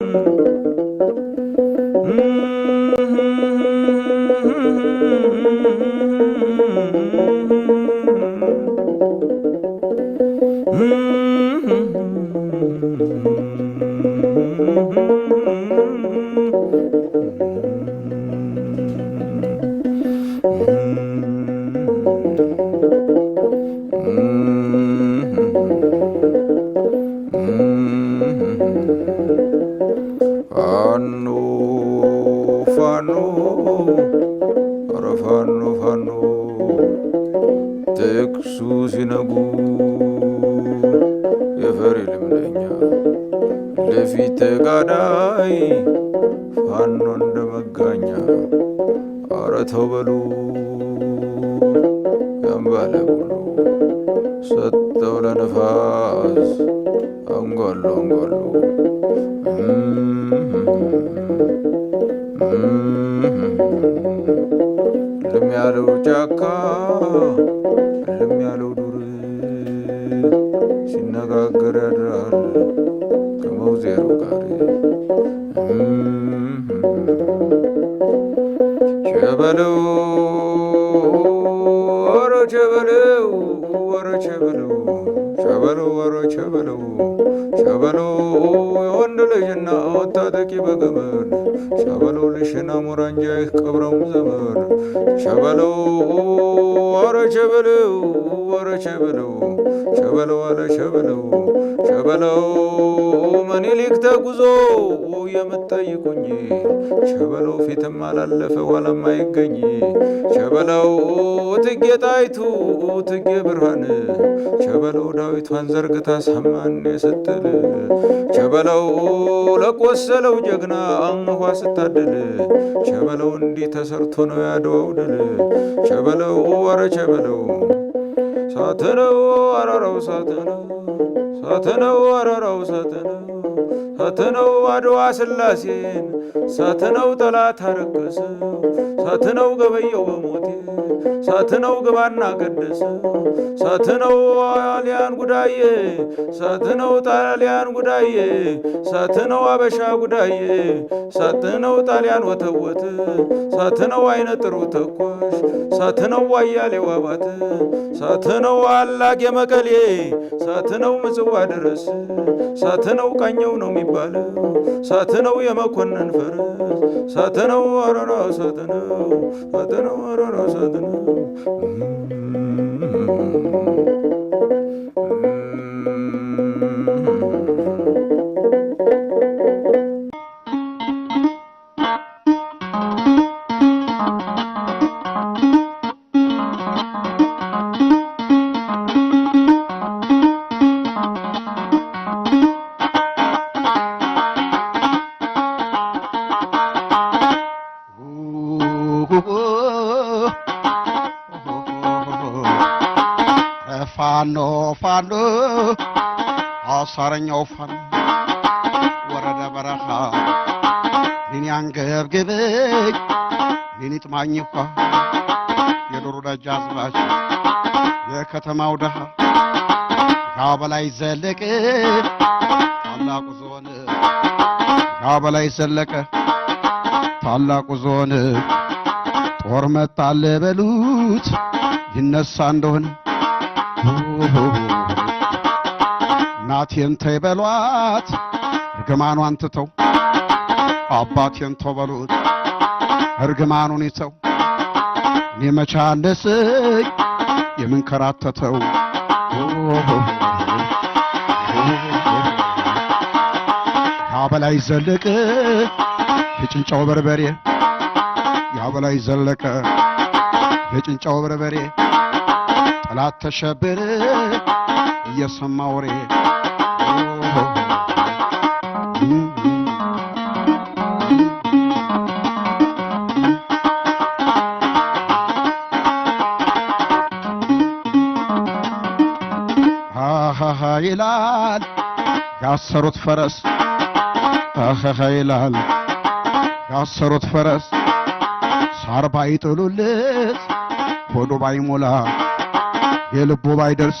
Mm-hmm. አንደኛ ለፊት ተጋዳይ ፋኖ እንደ መጋኛ አረ በሉ ያምባለ ብሎ ሰጠው ለነፋስ አንጓሉ አንጓሉ ልም ያለው ጫካ ልም ያለው ዱር ሲነጋገር ያድራል ከመውዜሩ ጋር ቸበለው ኧረ ቸበለው ወሮ ቸበሎ ቸበሎ ወሮ ቸበሉ ሸበሉ የወንድ ልጅና ወታጠቂ በገመድ ሸበሉ ልሽና ሙራንጃይህ ቀብረሙ ዘመድ ቸበሎ ወሮ ቸበሎ ወሮ ቸበሎ ሸበሉ አለ ቸበሎ ሸበሉ መኒሊክ ተጉዞ የምትጠይቁኝ ቸበሎ ፊትም አላለፈ ዋላም አይገኝ ሸበለው ትጌ ጣይቱ ትጌ ብርሃን ቸበለው ዳዊቷን ዘርግታ ሰማን የሰጠል ቸበለው ለቆሰለው ጀግና አንኳ ስታደል ቸበለው እንዲህ ተሰርቶ ነው ያድዋው ድል ቸበለው አረ ቸበለው ሳትነው አረራው ሳትነው ሳትነው አረራው ሳትነው ሰትነው አድዋ ስላሴን ሰትነው ጠላት አረከሰ ሰትነው ገበየው በሞቴ ሰትነው ግባና ቀደሰ ሰትነው ጣሊያን ጉዳዬ ሰትነው ጣሊያን ጉዳዬ ሰትነው አበሻ ጉዳዬ ሰትነው ጣሊያን ወተወት ሰትነው አይነ ጥሩ ተኳሽ ሰትነው አያሌው ዋባት ሰትነው አላቅ የመቀሌ ሰትነው ምጽዋ ድረስ ሰትነው ቃኘው ነው ነው የሚባለው። ሳት ነው የመኮንን ፈረስ ሳት ነው አረራ ሳት ነው ሳት ነው አረራ ሳት ነው ፋኖ ፋኖ አሳረኛው ፋኖ ወረደ በረሃ ኔን ያንገብግበኝ ኔን ይጥማኝ እንኳ የዶሮ ደጃዝማች የከተማው ደሃ ያው በላይ ዘለቀ ታላቁ ዞን ያው በላይ ዘለቀ ታላቁ ዞን ጦር መጣለ በሉት ይነሳ እንደሆነ እናቴን ተይ በሏት እርግማኗን ትተው አባቴን ተው በሉት እርግማኑን ይተው እኔ መቻ አነስኝ የምንከራተተው ያበላይ ዘለቀ የጭንጫው በርበሬ ያበላይ ዘለቀ የጭንጫው በርበሬ ጠላት ተሸብር እየሰማ ወሬ ይላል ያሰሩት ፈረስ አኸኸ ይላል ያሰሩት ፈረስ ሳር ባይጥሉልት ሆዱ ባይሞላ የልቡ ባይደርስ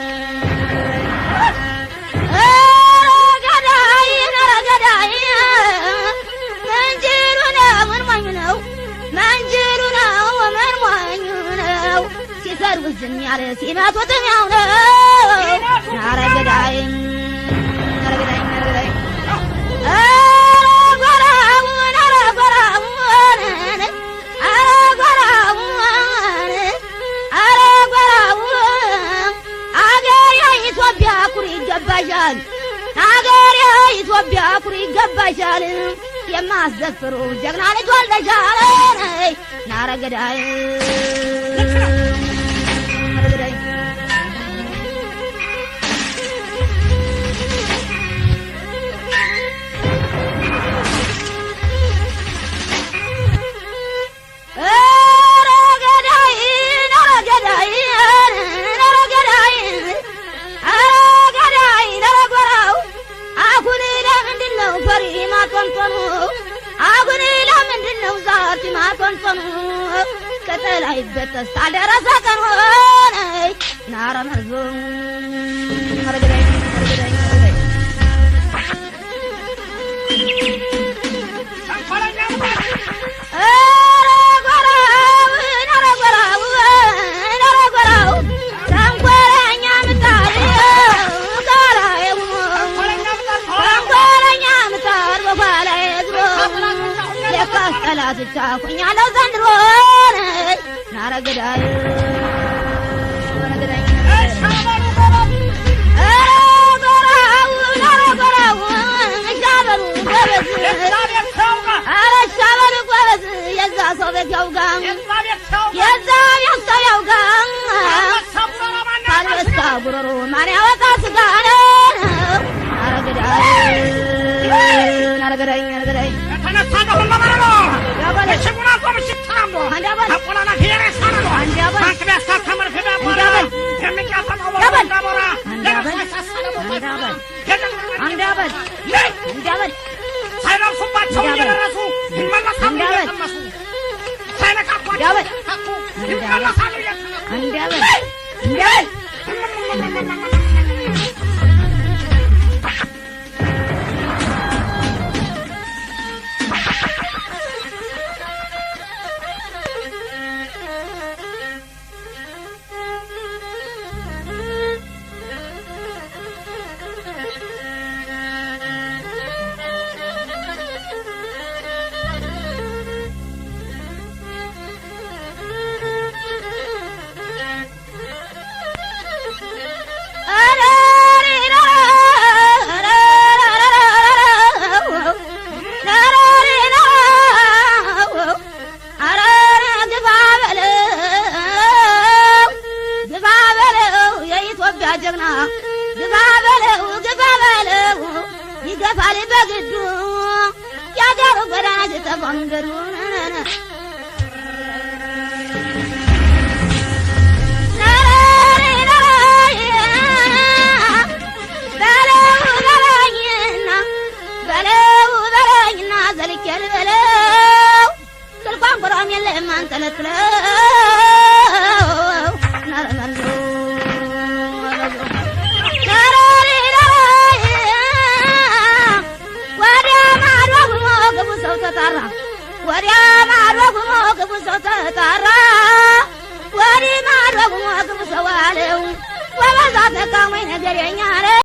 ዝም ያለ ሲመቱት ያው ነው። ኧረ ገዳይ ኧረ ገዳይ ኧረ ገዳይ ሀገሬ ኢትዮጵያ ኩሪ ይገባሻል። የማስዘፍሩ ጀግና ልጅ ወልደሻል። ናረገዳይ out of the day. ማቆንቆኑ አጉኔ ለምንድን ነው ዛቲ ማቆንቆኑ ከተላይ ይበጠስ ታደረሰ ቀን ሆነ ናረ መርዞ ገዳይ ሰው ቤት ያውጋ ያውጋ ተነሳ ደሁን ለማለት ነው ሽጉና ቆምሽ ታምቦ አንዳባ ተቆላላ እንዳበል እንዳበል ሳይረሱባቸው ಬಂದರು કરી અહીંયા હારે